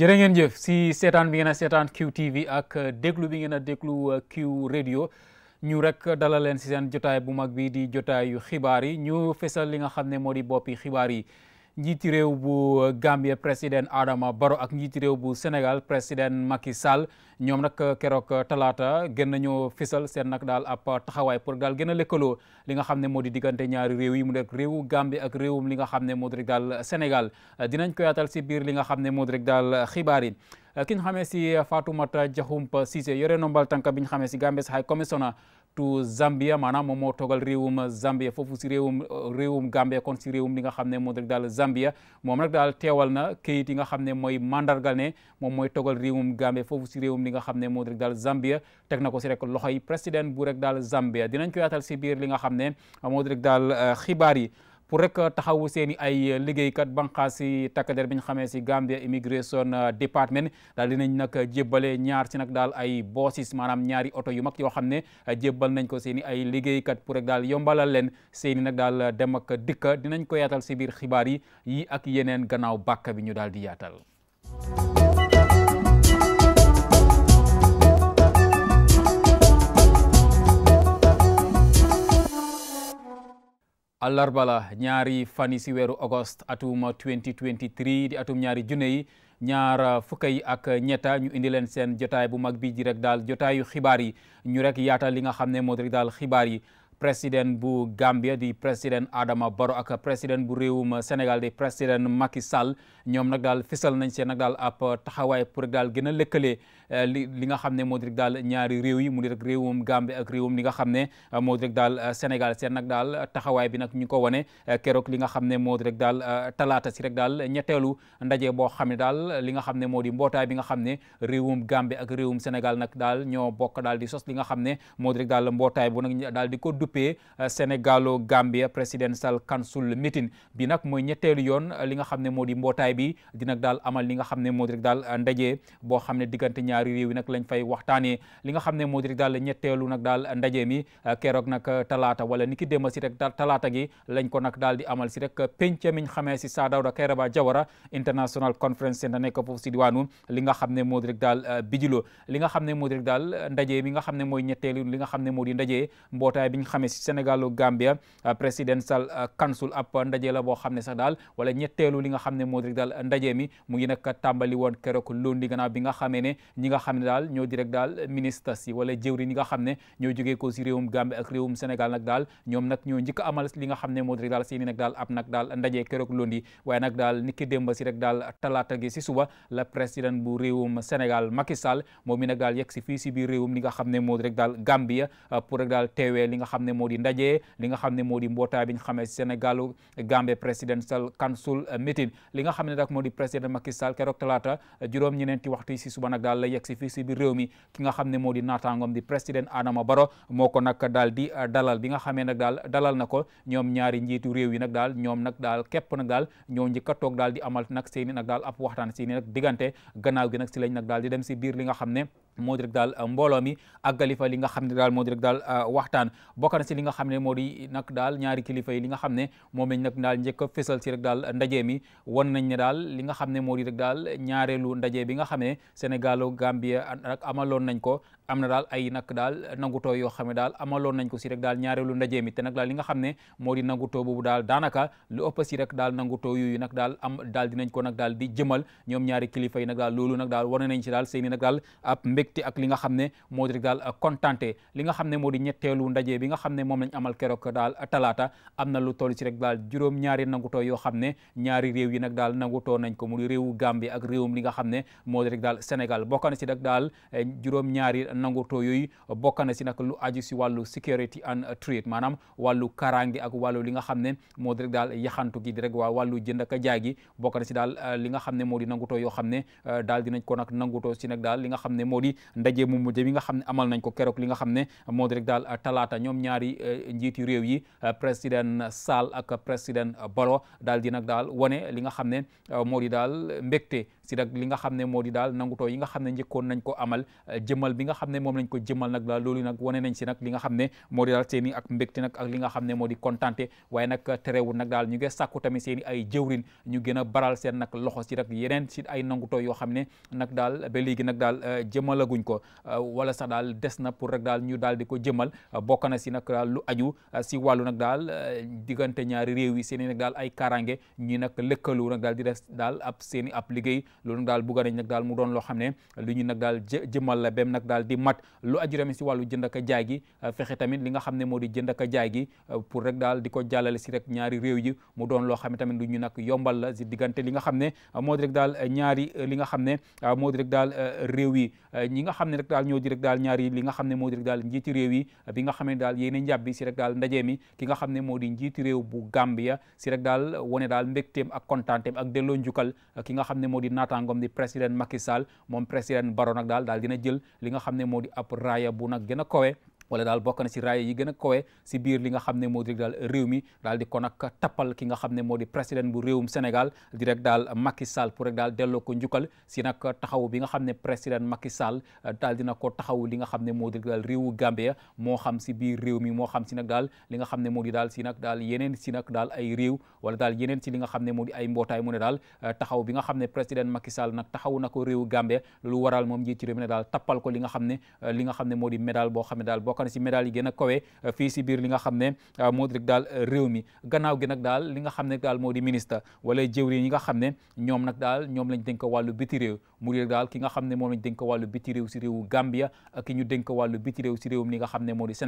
jërë ngeen jëf si seetaan bi ngeen a seetaan QTV ak déglu bi ngeen a déglu uh, Q radio ñu rek dalal leen si seen jotaay bu mag bi di jotaayu xibaar yi ñu fesal li nga xam ne moo di boppi xibaar yi. njiiti réew bu Gambie président Adama Barrow ak njiiti réew bu Sénégal président Macky Sall ñoom nag keroog talaata gën nañoo fisal seen nag daal ab taxawaay pour daal gën a lëkkaloo li nga xam ne moo di diggante ñaari réew yi mu nekk réewu Gambie ak réewum li nga xam ne moo di rek daal Sénégal dinañ ko yaatal si biir li nga xam ne moo di rek daal xibaar yi. ki ñu xamee si Fatoumata Diakhoumpa Cissé yore nombal tànk bi ñu xamee si Gambie High Commissioner to Zambia maanaam moom moo toogal réewum Zambia foofu si réewum réewum Gambia kon si réewum li nga xam ne moom rek daal Zambia moom rek daal teewal na kayit yi nga xam ne mooy mandargal ne moom mooy toogal réewum Gambia foofu si réewum li nga xam ne moom rek daal Zambia teg na ko si rek loxoy président bu rek daal Zambia dinañ ko yaatal si biir li nga xam ne moom rek daal euh, xibaar yi pour rek euh, taxawu seen i ay euh, liggéeykat banqaas si takk der bi ñu xamee si Gambia Immigration euh, Department daal dinañ nag jébbale ñaar si nag daal ay boosis maanaam ñaari oto yu mag yoo xam ne jébbal nañ ko seeni ay liggéeykat pour rek daal yombalal leen seen i nag daal dem ak dikka dinañ ko yaatal si biir xibaar yi yi ak yeneen gannaaw bàkk bi ñu daal di yaatal àllarba la ñaari fan yi si weeru august atum 2023 di atum ñaari junne yi ñaar fukk yi ak ñetta ñu indi leen seen jotaay bu mag bii di rek daal jotaayu xibaar yi ñu rek yaatal li nga xam ne moo di daal xibaar yi président bu Gambia di président Adama Barrow ak président bu réewum Sénégal di président Macky ñoom nag daal fisal nañ seen nag daal ab taxawaay pour daal gën a lëkkale eh, li li nga xam ne moo di rek daal ñaari réew yi mu di rek réewum Gambia ak réewum eh, eh, li nga xam ne moo di rek daal seen nag daal taxawaay bi nag ñu ko wane keroog li nga xam ne moo rek daal talaata si rek daal ñeteelu ndaje boo xam ne daal li nga xam ne moo di mbootaay bi nga xam ne réewum Gambia ak réewum Sénégal nag daal ñoo bokk daal di sos li nga xam ne moo rek daal mbootaay daal di ko duppee euh, Sénégalo Gambia Presidential Council meeting bi nag mooy ñetteelu yoon euh, li nga xam ne moo di mbootaay bi dina daal amal li nga xam ne moo di rek daal euh, ndaje boo xam ne diggante ñaari réew yi nag lañ fay waxtaanee li nga xam ne moo di rek daal ñetteelu mi keroog nag talaata wala ni ki démb si rek daal talaata gi lañ ko nag daal di amal si rek penc miñ xamee si Saadawda Kairaba Jawara International Conference Centre nekk foofu si diwaanu li xam ne moo di daal bijilo li xam ne moo di daal ndaje mi nga xam ne mooy ndaje mbootaay biñ xamee si Sénégal Gambia euh, Presidential euh, Council ab ndaje la boo xam ne sax daal wala ñetteelu li nga xam ne moo di daal ndaje mi mu ngi nag tàmbali woon keroog lundi gannaaw bi nga ne nga xam ne daal ñoo di rek daal ministre si wala jëwri ñi nga xam ne ñoo jógee ko si réewum Gambie ak réewum Sénégal nag daal ñoom nag ñoo njëkk amal li nga xam ne moo di rek daal seeni nag daal ab nag daal ndaje keroog lundi waaye nag daal niki démb si rek daal talaata gi si suba la président bu réewum Sénégal Macky Sall moom mi nag daal yegg si fii si biir réewum li nga xam ne moo di rek daal Gambia euh, pour rek daal teewee li nga xam ne moo di ndaje li nga xam ne moo di mbootaay bi ñu xamee Sénégal Gambie Presidential Council meeting li nga xam ne nag moo di président Macky Sall keroog talaata juróom ñeneenti waxtu si suba nag daal la yegg si fii si biir réew mi ki nga xam ne moo di naataangoom di président Adama Barrow moo ko daal di uh, dalal bi nga xamee nag daal dalal na ko ñoom ñaari njiitu réew yi nag daal ñoom nag daal képp nag daal ñoo njëkk a toog daal di amal nag seeni nag daal ab waxtaan seeni nag diggante moo di daal euh, mbooloo mi àggali li nga xam ne daal moo di rek daal euh, waxtaan bokk na si li nga xam ne moo di nag daal ñaari kilifa yi li nga xam ne moom lañ nag daal njëkk a si rek daal ndaje mi wan nañ ne daal li nga xam ne moo di rek daal ñaareelu ndaje bi nga xam ne Sénégal Gambia ak amaloon nañ ko am na daal ay nag daal nangutoo yoo xam ne daal amaloon nañ ko si rek daal ñaareelu ndaje mi te nag daal li nga xam ne moo di nangutoo boobu daal daanaka lu ëpp si rek daal nangutoo yooyu nag daal am daal dinañ ko nag daal di jëmal ñoom ñaari kilifa yi nag daal loolu nag daal war nañ si daal seeni nag daal ab mbégte ak li nga xam ne moo di rek daal kontante li nga xam ne moo di ñetteelu ndaje bi nga xam ne moom lañ amal keroog daal talaata am na lu toll si rek daal juróom ñaari nangutoo yoo xam ne ñaari réew yi nag daal nangutoo nañ ko mu di réewu Gambie ak réewum li nga xam ne moo di rek daal Sénégal bokk na si rek daal eh, juróom ñaari nangotoo yooyu bokk na si nag lu aju si wàllu security and trade maanaam wàllu karange ak wàllu li nga xam ne moo di rek daal yaxantu gi di rek waa wàllu jënd ak jaay gi bokk si daal uh, li nga xam ne moo di nangutoo yoo xam ne uh, daal dinañ ko nag nangutoo si li nga xam ne moo di ndaje mu mujj bi nga xam ne amal nañ ko keroog li nga xam ne moo di rek uh, talaata ñoom ñaari njiiti réew yi président Sall ak président Barrow daal di nag daal wane li nga xam ne di daal mbégte si nag li nga xam ne moo di daal nangutoo yi nga xam ne njëkkoon nañ ko amal euh, jëmal bi nga xam ne moom lañ ko jëmal nag daal loolu nag wane nañ si nag li nga xam ne moo di daal seen i ak mbégte nag ak li nga xam ne moo di kontante waaye nag terewul nag daal ñu ngi sàkku tamit seen i ay jëwrin ñu gën a baral seen nag loxo si nag yeneen si ay nangutoo yoo xam ne nag daal ba léegi nag daal euh, jëmalaguñ ko euh, wala sax daal des na pour rek daal ñu daal di ko jëmal bokk na si nag daal lu aju si wàllu nag daal diggante ñaari réew yi seen i nag daal ay kaaraange ñi nag lëkkaloo nag daal di des daal ab seeni i ab liggéey loolu nag daal bugga nañ nag daal mu doon loo xam ne lu ñu nag daal jëmal la bem nag daal di mat lu aju si wàllu jënd ak jaay gi euh, fexe tamit li nga xam ne moo di jënd jaay gi euh, pour rek daal di jàllale si rek ñaari réew yi mu doon loo xam ne tamit lu ñu nag yombal la si diggante li nga xam ne euh, moo di daal ñaari li nga xam ne moo di rek daal réew yi ñi nga xam ne rek daal ñoo di daal ñaari li nga xam ne moo di daal njiiti réew yi bi nga xam ne daal yéen a njàbbi si rek daal ndaje mi ki nga xam ne moo di njiiti réew bu Gambia si rek daal wone daal mbégteem ak kontaanteem ak delloo njukkal ki nga xam ne moo di naat naataangoom di président Macky Sall moom président Barrow nag daal daal dina jël li nga xam ne moo di ab raaya bu nag gën a kowe wala daal bokk na si raaya yi gën a kowe si biir li nga xam ne moo di daal réew mi daal di kon tappal ki nga xam ne moo di président bu réewum Sénégal di rek daal Macky Sall pour rek daal delloo ko njukkal si nag taxaw bi nga xam ne président Macky Sall euh, daal dina ko taxaw li nga xam ne moo di daal réewu Gambia moo xam si biir réew mi moo xam si nag daal li nga xam ne moo di daal si nag daal yeneen si nag daal ay réew wala daal yeneen si li nga xam ne moo di ay mbootaay mu ne daal euh, taxaw bi nga xam ne président Macky Sall nag taxaw na ko réewu Gambia lu waral moom njiitu réew mi daal tappal ko li nga xam ne euh, li nga xam ne moo di médaal boo xam ne daal bokk bokk si médaille yi gën a kawe euh, fii si biir li nga xam ne euh, moo rek daal euh, réew mi gannaaw gi nag daal li nga xam ne daal moo di ministre wala jëwri ñi nga xam ne ñoom nag daal ñoom lañ dénk ko wàllu biti réew mu réer daal ki nga xam ne moom lañ dénk wàllu biti réew si réewu Gambia ak ki ñu dénk wàllu biti nga xam ne moo di i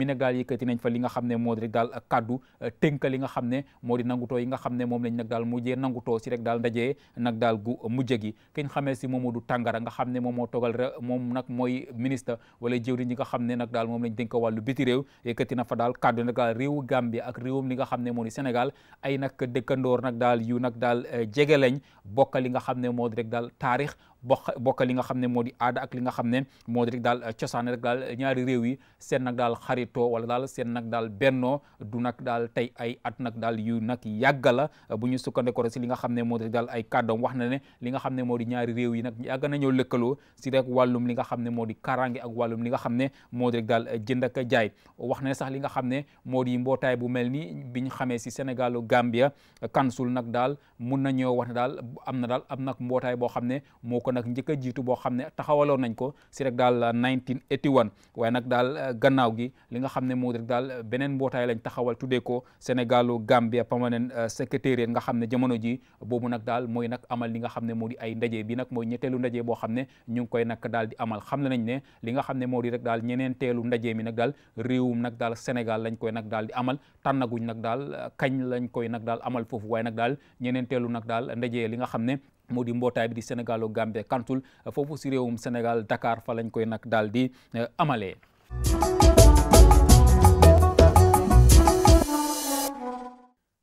nag daal yëkkati nañ li nga xam ne moo di rek daal kaddu euh, tënk li nga xam ne moo di nangutoo yi nga xam ne moom lañ nag daal mujjee nangutoo si rek daal ndajee nag daal gu mujj gi kiñ xamee si Momodou Tangara nga xam ne moom moo togal re moom nag mooy ministre wala jëwriñ ñi nga xam ne nag daal moom lañ dénk wàllu biti réew yëkkati na fa daal kaddu nag daal réewu Gambia ak réewum li nga xam ne moo di Sénégal ay nag dëkkandoor nag daal yu nag daal euh, jege lañ bokka li nga xam ne moo rek daal taarix bokk bokk li nga xam ne moo di aada ak li nga xam ne moo di rek daal cosaan rek daal ñaari réew yi seen nag daal xarito wala daal seen nag daal bennoo du nag daal tey ay at nag daal yu nag yàgga la bu ñu sukkandikoo si li nga xam ne moo di rek daal ay kàddoom wax na ne li nga xam ne moo di ñaari réew yi nag yàgg nañoo lëkkaloo si rek wàllum li nga xam ne moo di karange ak wàllum li nga xam ne moo di rek jënd ak jaay wax na sax li nga xam ne moo di mbootaay bu mel ni biñ xamee si Sénégalu Gambia kansul nag daal mun nañoo wax ne daal am na daal am nag mbootaay boo xam ne moo nag njëkk a jiitu boo xam ne taxawaloon nañ ko si rek daal 1981 waaye nag daal euh, gannaaw gi li nga xam ne moo rek daal euh, beneen mbootaay lañ taxawal tuddee ko Sénégalu Gambia permanent euh, secrétariat nga xam ne jamono ji boobu nag daal mooy nag amal li nga xam ne moo di ay ndaje bi nag mooy ñetteelu ndaje boo xam ne ñu ngi koy nag daal di amal xam nañ ne li nga xam ne moo di rek daal ñeneen teelu ndaje mi nag daal réewum nag daal Sénégal lañ koy nag daal di amal tànnaguñ nag daal kañ lañ koy nag daal amal foofu waaye nag daal ñeneen nag daal ndaje li nga xam ne moo di mbootaay bi di Sénégal Gambie kantul foofu si réewum senegal Dakar fa lañ koy nag daal di eh, amale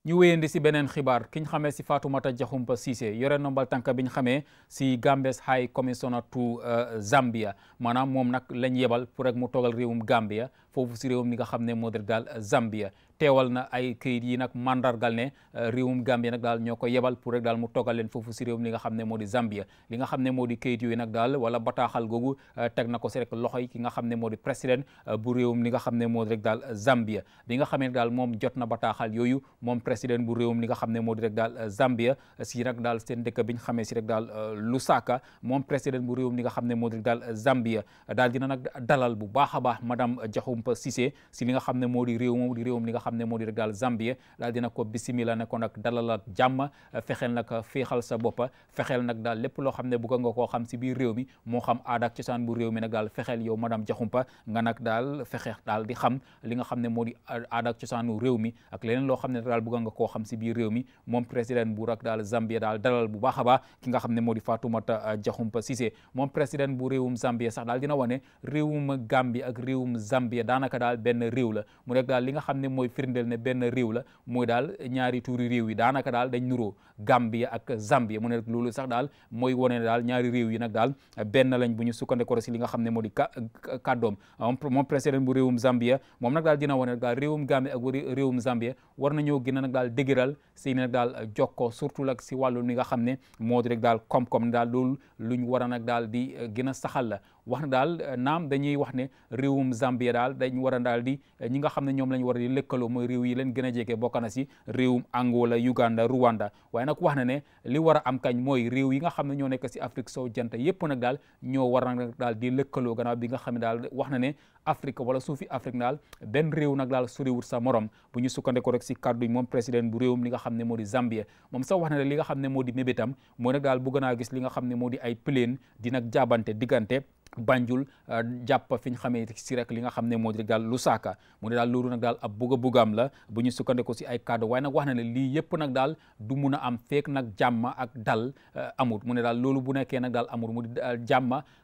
ñu wéyandi si beneen xibaar ki ñu xamee si faatumata Diakhoumpa Cissé yore nombal tànk bi ñu xamee si Gambes High Commissioner to eh, Zambia maanaam moom nag lañ yebal pour rek mu toogal réewum Gambia foofu si réewum mi nga xam ne moo di daal Zambia teewal na ay këyit yi nag mandargal ne eh, réewum Gambie nag daal ñoo ko yebal pour rek daal mu toogal leen foofu si réewum li nga xam ne moo di Zambia li nga xam ne moo di këyit yooyu nag daal wala bataaxal googu eh, teg na ko si rek ki nga xam ne moo di président eh, bu réewum li nga xam ne moo di rek daal Zambia bi nga xamee ne daal moom jot na bataaxal yooyu moom président bu réewum li nga xam ne moo di rek daal Zambia si nag daal seen dëkk bi ñu xamee si rek daal Lusaka moom président bu réewum li nga xam ne moo di rek daal Zambia daal dina nag dalal bu baax a baax madame Diakhoumpa Cissé si li nga xam ne moo di li nga xam ne ko bisimila ne ko nag dalalaat jàmm fexeel nag fiixal sa boppa fexeel nag daal lépp loo xam ne bëgg nga koo xam si biir réew mi moo xam aada ak cosaan bu réew mi nag daal fexeel yow madame Jaxumpa nga nag daal fexe daal di xam li nga xam ne moo di aada ak cosaanu réew mi ak leneen loo xam ne daal bëgg nga koo xam si biir réew mi moom président bu rak daal Zambie daal dalal bu baax a ki nga xam ne moo di Fatoumata Jaxumpa Cissé moom président bu réewum Zambie sax daal dina wane réewum Gambie ak réewum Zambie daanaka daal benn réew la rek daal li xam ne mooy firndeel ne benn réew la muy daal ñaari tuuri réew yi daanaka daal dañ nuroo Gambia ak Zambia mu ne loolu sax daal mooy wone ne daal ñaari réew yi nag daal benn lañ bu ñu sukkandikoo si li nga xam ne moo di kàddoom moom président bu réewum Zambia moom nag daal dina wone nag daal réewum Gambia ak réewum Zambia war nañoo gën a nag daal dëgëral si nag daal jokkoo surtout nag si wàllu li nga xam ne moo di rek daal koom-koom ne daal loolu luñ war a nag daal di gën a saxal la wax na daal euh, naam dañuy wax ne réewum Zambia daal dañ war a daal di euh, ñi nga xam ne ñoom la ñu war lëkkaloo mooy réew yi leen gën a jege bokk na si réewum Angola Uganda Rwanda waaye nag wax na ne li war a am réew yi nga xam ne ñoo nekk si Afrique sow jant yépp nag daal ñoo war daal di lëkkaloo gannaaw bi nga xam ne daal wax na ne Afrique wala suufi Afrique daal benn réew nag daal soriwut sa morom bu ñu sukkandeko rek si kàddu yi moom président bu réewum li nga xam ne moo di Zambia moom sax wax na ne li nga xam ne moo di mébétam mooy nag daal bëgg naa gis li nga xam ne moo di ay plane di nag jaabante diggante Banjul euh, jàpp fi ñu xamee si rek li nga xam ne moo di lu Lusaka mu ne daal loolu nag daal ab bëgg bëggaam la bu ñu sukkandiku si ay kàddu waaye nag wax na ne lii yëpp nag daal du mun a am feek nag jàmm ak dal euh, amut mu ne daal loolu bu nekkee nag daal amut mu di euh,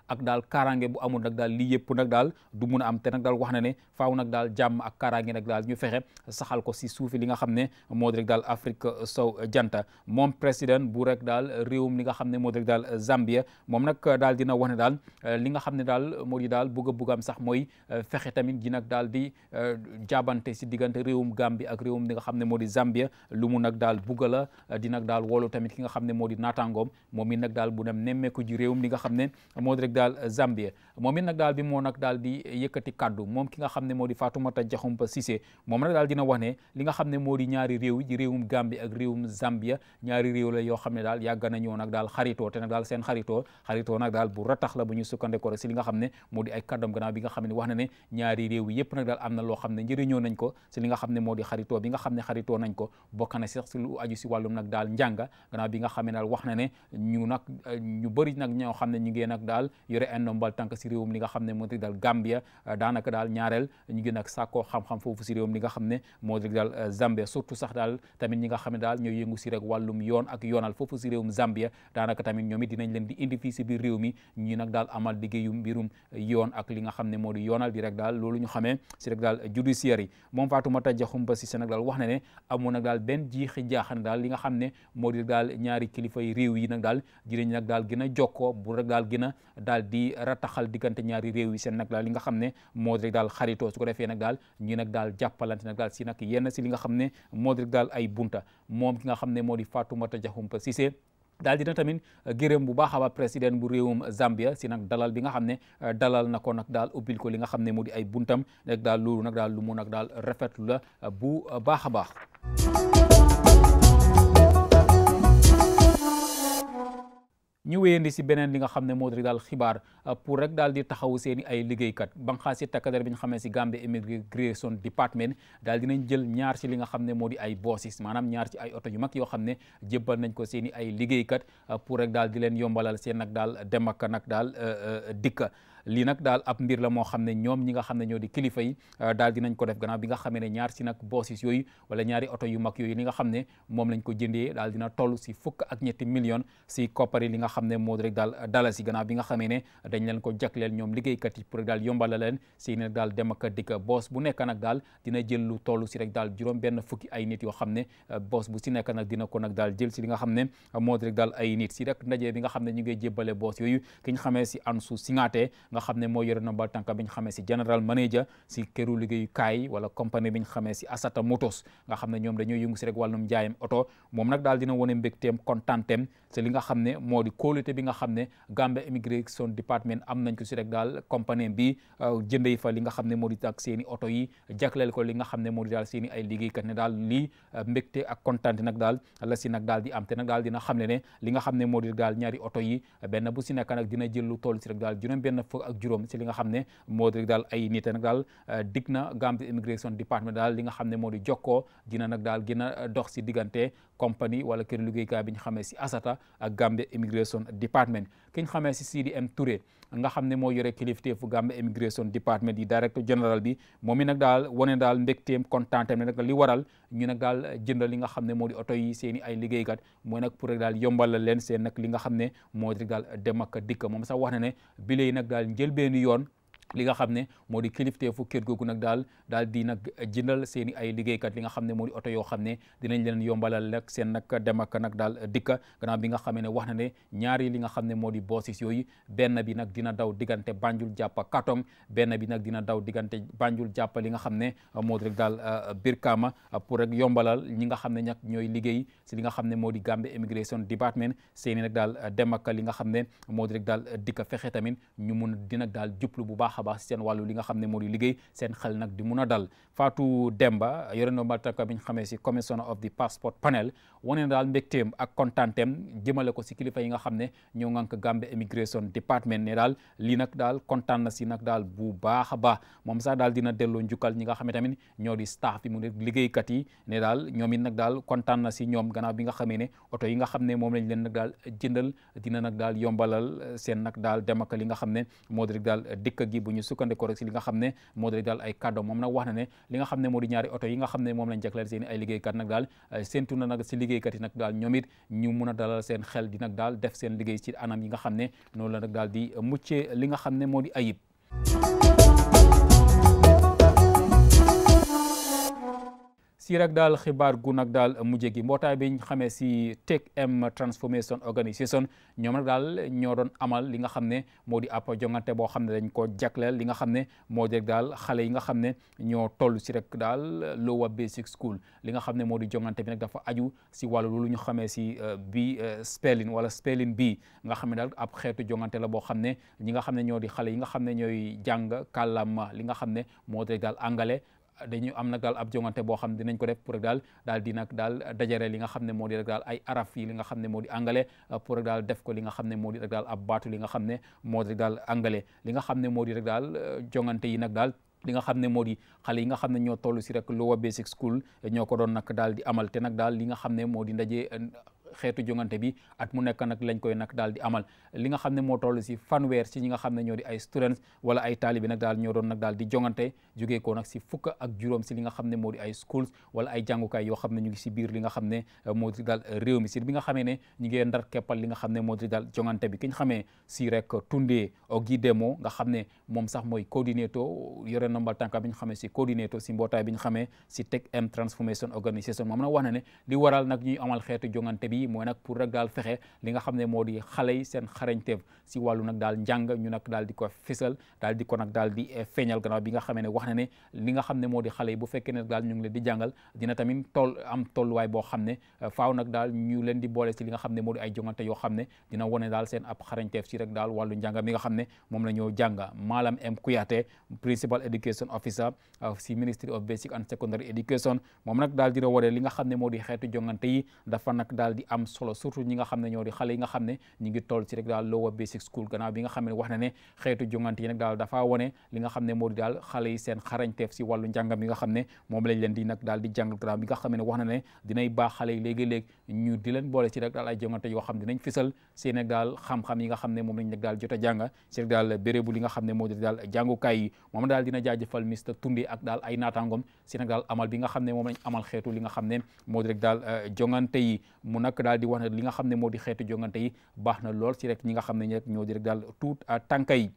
ak daal kaaraange bu amul nag daal li yëpp nag daal du mun am te daal wax na ne faaw nag daal jàmm ak kaaraange nag daal ñu fexe saxal ko si suufi li nga xam ne moo di rek daal Afrique sow janta moom président bu rek daal réewum li nga xam ne moo di daal Zambia moom nag daal dina wax ne daal li nga xam ne daal moo di daal bëgg a am sax mooy fexe tamit gi nag daal di jaabante si diggante réewum Gambie ak réewum nga xam ne moo di Zambia lu mu nag daal bugg la di nag daal wolu tamit ki nga xam ne moo di naataangoom moom it nag daal bu nemmeeku ji réewum li nga xam ne moo rek daal Zambie moom it nag daal bi moo nag daal di yëkkati kaddu moom ki nga xam ne moo di Fatoumata Diakhoumpa Cissé moom nag daal dina wax li nga xam ne moo di la yoo xam ne daal yàgg nañoo nag daal xaritoo te nag daal seen xaritoo xaritoo nag daal bu ratax la bu ñu nga xam ne moo na ne ñaari réew yi yëpp nag daal am na loo xam ne njëriñoo nañ ko si li nga xam ne moo di xaritoo bi nga xam ne xaritoo nañ ko bokk na sax si lu nag daal njànga gannaaw bi nga xam ne daal wax ne ñu nag nag xam ne ñu ngee daal yore ay ndombal tànk si réewum li nga xam ne moo di daal Gambia euh, daanaka daal ñaareel ñu ngi nag sàkkoo xam-xam foofu si réewum li nga xam ne moo di daal euh, Zambia surtout sax daal tamit ñi nga xam ne daal ñoo yëngu si rek wàllum yoon ak yoonal foofu si réewum Zambia daanaka tamit ñoom it dinañ leen di indi fii si biir réew ñi nag daal amal liggéeyu mbirum yoon ak li nga xam ne moo di yoonal di rek daal loolu ñu xamee si rek daal judiciaire yi moom Fatoumata Diakhoumpa Cissé nag daal wax na ne amoon nag daal benn jiixi jaaxane daal li nga xam ne moo di daal ñaari kilifa réew yi nag daal dinañ nag daal gën a jokkoo bu rek daal daal di rataxal diggante ñaari réew yi seen nag daal li nga xam ne moo di rek daal xaritoo su ko defee nag daal ñi nag daal jàppalante nag daal si nag yenn si li nga xam ne moo di rek daal ay bunta moom ki nga xam ne moo di Fatoumata Diakhoumpa Cissé daal dina tamit gërëm bu baax a baax président bu réewum Zambia si nag dalal bi nga xam ne euh, dalal na ko nag daal ubbil ko li nga xam ne mu di ay buntam nag daal loolu nag daal lu mu nag daal rafetlu la bu baax a baax ñu wéyandi si beneen li nga xam ne moo di daal xibaar euh, pour rek daal di taxaw seen i ay liggéeykat banqaas si takkader bi ñu xamee si Gambia Immigration Department daal dinañ jël ñaar si li nga xam ne moo di ay bossis maanaam ñaar ci ay oto yu mag yoo xam ne jébbal nañ ko seeni i ay liggéeykat euh, pour rek daal di leen yombalal seen nag daal demaka ak nag daal euh, dikka lii nag daal ab mbir la moo xam ne ñoom ñi nga xam ne ñoo di kilifa yi euh, daal dinañ ko def gannaaw bi nga xamee ne ñaar si nag boosis yooyu wala ñaari oto yu yooyu li nga xam ne moom lañ ko jëndee daal dina toll si fukk ak ñetti million si koppari li nga xam ne moo rek daal dala si gannaaw bi nga xamee ne dañ leen ko jagleel ñoom liggéeykat yi pour daal yombala leen si nag daal dem ak dikk boos bu nekk nag daal dina jël lu toll si rek daal juróom benn fukki ay nit yoo xam ne euh, boos bu si nekk nag dina ko nag daal jël si li nga xam ne moo rek daal ay nit si rek ndaje bi nga xam ne ñu ngi jébbale boos yooyu ki xamee si si Singate nga xam ne moo yore na bi nga xam ne ñoom dañoo yëngu si rek wàllum jaayam oto moom nag daal dina li nga xam ne moo di kóolute bi nga xam ne Gambia Immigration Department am nañ ko si rek daal compagnie bi euh, jëndee fa li nga xam ne moo di ak seen oto yi ko li nga xam ne moo di daal seen i ay liggéeykat ne daal lii euh, mbégte ak kontaante nag daal la si nag daal di am te nag daal dina xam ne ne li nga xam ne moo di daal ñaari oto yi benn bu si nekk nag dina jël lu si rek daal juróom benn fukk ak juróom si li nga xam ne moo di daal ay nit nag daal euh, dig na Gambia Immigration Department daal li nga xam ne moo di jokkoo dina nag daal gën a dox si diggante compagnie wala kër liggéeykaay bi ñu xamee si Asata ak Gambia Immigration Department ki ñu xamee si Sidi M nga xam ne moo yore kilifteefu Gambia immigration department di directeur général bi moom mi nag daal wone daal mbégteem kontaanteem nag li waral ñu nag daal jëndal li nga xam ne moo di oto yi seen i ay liggéeykat mooy nag pour rek daal yombalal leen seen nag li nga xam ne moo di daal dem ak dikk moom sax wax na ne bile yi nag daal njëlbeenu yoon li nga xam ne moo di kilifteefu kër googu nag daal daal di nag jëndal seen i ay liggéeykat li nga xam ne moo oto yoo xam ne dinañ leen yombalal nag seen nag dem ak nag daal dikka bi nga xamee ne wax na ne ñaari li nga xam ne moo di boosis yooyu benn bi nag dina daw diggante Banjul jàppa Katong benn bi nag dina daw diggante Banjul jàppa li nga xam ne moo di rek daal euh, Brikama pour rek yombalal ñi nga xam ne nag ñooy liggéey si li nga xam ne moo di Gambia Immigration Department seen i nag daal dem ak li nga xam ne moo di rek daal dikka fexe tamit ñu mun di nag daal jublu bu baax baax a baax si seen wàllu li nga xam ne moo di liggéey seen xel nag di mun a dal Fatou Demba yore na maltaka bi ñu xamee si commissioner of the passport panel wane na daal mbégteem ak kontaanteem jëmale ko si kilifa yi nga xam ne ñoo ngànk Gambia immigration department ne daal lii nag daal kontaan na si nag daal bu baax a baax moom sax daal dina delloo njukkal ñi nga xam ne tamit ñoo di staff bi mu ne liggéeykat yi ne daal ñoom it nag daal kontaan na si ñoom gannaaw bi nga xamee ne oto yi nga xam ne moom lañ leen nag daal jëndal dina nag daal yombalal seen nag daal dem li nga xam ne bu ñu sukkandikoo rek si li nga xam ne moo di daal ay kàddoom moom na wax na ne li nga xam ne moo di ñaari oto yi nga xam ne moom lañ jagleel seen ay liggéeykat nag daal eh, séentu na nag si liggéeykat yi nag daal ñoom it ñu mun a dalal seen xel di nag daal def seen liggéey ci anam yi nga xam ne noonu la nag daal di muccee li nga xam ne moo di ayib si rek daal xibaar gu nag daal mu gi mbootaay bi ñu xamee si Tech M Transformation Organisation ñoom nag daal ñoo doon amal li nga xam ne moo di ab jongante boo xam ne dañ ko jagleel li nga xam ne moo di xale yi nga xam ne ñoo toll si rek daal lower li nga xam ne moo di jongante bi nag dafa aju si wàllu lu ñu xamee si bi spelling wala spelling bi nga xam ne daal ab xeetu jongante la boo xam ne ñi nga xam ne ñoo di xale yi nga xam ne ñooy jàng kàllaama li nga xam ne moo di rek daal angale dañu am nag daal ab jongante boo xam dinañ ko def pour rek daal daal di nag daal dajare li nga xam ne moo di rek daal ay araf yi nga xam ne moo di angale euh, pour rek daal def ko li nga xam ne moo di rek daal baatu li nga xam ne moo di rek daal li nga xam ne moo di rek daal jongante yi nag daal li nga xam ne moo di xale yi nga xam ne ñoo toll si rek Lower Basic School ñoo ko doon nag daal di amal te nag daal li nga xam ne moo di ndaje euh, xeetu jongante bi at mu nekk nag lañ koy nag daal di amal li nga xam ne moo toll si fanweer si ñi nga xam ne ñoo di ay students wala ay taalibi nag daal ñoo doon nag daal di jongante jógee ko nag si fukk ak juróom li nga xam ne moo di ay schools wala ay jàngukaay yoo xam ne ñu ngi si biir li nga xam ne eh, moo di daal réew mi nga xamee ne ñu ngi ndar keppal li nga xam ne moo di daal jongante bi ki ñu xamee si rek Tunde moo nga xam ne moom sax mooy coordinateur yore nombal tànka bi ñu xamee si coordinateur si mbootaay bi ñu xamee si Tech M Transformation Organisation moom na wax na ne li waral nag ñuy amal xeetu jongante bi yi mooy nag pour rek daal fexe li nga xam ne moo di xale yi seen xarañteef si wàllu nag daal njàng ñu nag daal di ko fésal daal di ko nag daal di eh, feeñal gannaaw bi nga xamee ne wax na ne nga xam ne moo di xale yi bu ne daal ngi leen di jàngal dina tamit toll am tolluwaay boo xam ne eh, faaw nag daal ñu leen di boole si li nga xam ne moo di ay jongante yoo xam ne dina wane daal seen ab xarañteef si daal wàllu njàng mi nga xam ne moom la ñoo jàng Malam M Kouyaté principal education officer eh, si ministry of basic and secondary education moom nag daal dina wane li nga xam ne moo di xeetu jongante yi dafa nag daal di am solo surtout ñi nga xam ne ñoo di xale yi nga xam ne ñi ngi toll ci rek daal lower basic school gannaaw bi nga xam ne wax na ne xeetu jongante yi nag dafa wone li nga xam ne moo xale yi seen xarañteef si wàllu njàngam yi nga xam ne moom lañ leen di nag daal di jàngal gannaaw nga xam ne wax na ne dinay baax xale yi léeg ñu di leen boole ci rek daal ay jongante yoo xam dinañ fisal seen nag yi nga xam ne moom lañ nag jot a jànga si rek li nga xam ne moo di daal jàngukaay yi moom daal dina jaajëfal Mr Tunde ak daal ay naataangoom si nag daal amal bi nga xam ne moom lañ amal xeetu li nga xam ne moo rek daal jongante yi rek daal di wax ne li nga xam ne moo di xeetu jongante yi baax na lool si rek ñi nga xam ne rek ñoo di rek daal tuut ah, yi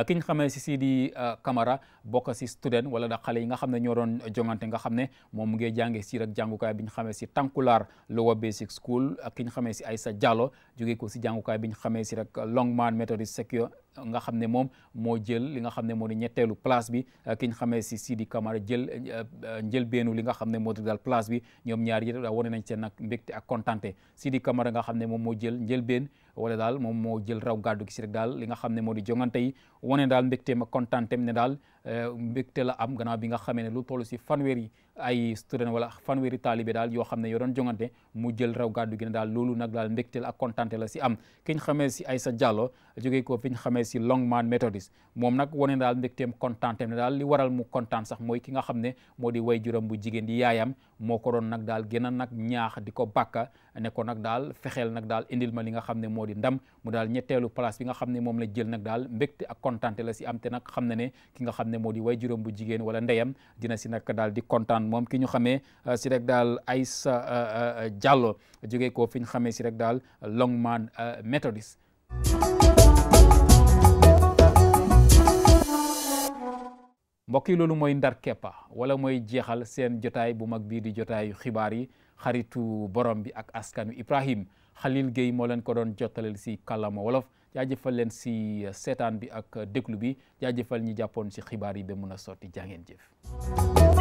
ah, ki ñu xamee si sii di ah, Camara bokk si student wala da xale yi nga xam ne ñoo doon jongante nga xam ne moom mu ngi si rek jàngukaay bi ñu xamee si Tankulaar Lower Basic School ki ñu xamee si Aïssa Diallo jógee ko si jàngukaay bi ñu xamee si rek long Longman Methodist Secure nga xam ne moom moo jël li nga xam ne moo di ñetteelu place bi euh, ki ñu xamee si Sidi Camara jël euh, njëlbeenu li nga xam ne moo di daal place bi ñoom ñaar yi wane nañ seen nag mbégte ak kontante Sidi Camara nga xam ne moom moo jël njëlbeen wala daal moom moo jël raw gàddu gi si rek daal li nga xam ne moo di jongante yi wane daal mbégteem ak kontantem ne daal Euh, mbégte la am gannaaw bi nga xamee ne lu toll si fanweeri ay student wala fanweeri taalibe daal yoo xam ne yoo doon jongante mu jël raw gàddu gi ne daal loolu nag daal mbégte la ak la si am ki ñu xamee si ay Aïssa Diallo jógee ko fi ñu xamee si Longman Methodist moom nag wane daal mbégteem kontanteem ne daal li waral mu kontaan sax mooy ki nga xam ne moo di way juram bu jigéen di yaayam moo ko doon nag daal gën a nag ñaax di ko bàkka ne ko nag daal fexeel nag daal indil ma li nga xam ne moo di ndam mu daal ñetteelu place bi nga xam ne moom la jël nag daal mbégte ak kontaante la si am te nag xam na ne ki nga xam ne moo di way juróom bu jigéen wala ndeyam dina si nag daal di kontaan moom ki ñu xamee euh, si rek daal Aïssa euh, euh, Diallo ko fiñ ñu xamee si rek daal Longman Methodist mbokk yi loolu mooy ndar keppa wala mooy jeexal seen jotaay bu mag bii di jotaayu xibaar yi xaritu borom bi ak askanu Ibrahim Khalil Gueye moo leen ko doon jottaleel si kàllaama wolof jaajëfal leen si uh, seetaan bi ak uh, déglu bi jaajëfal ñi jàppoon si xibaar yi ba mun a sotti jaa ngeen jëf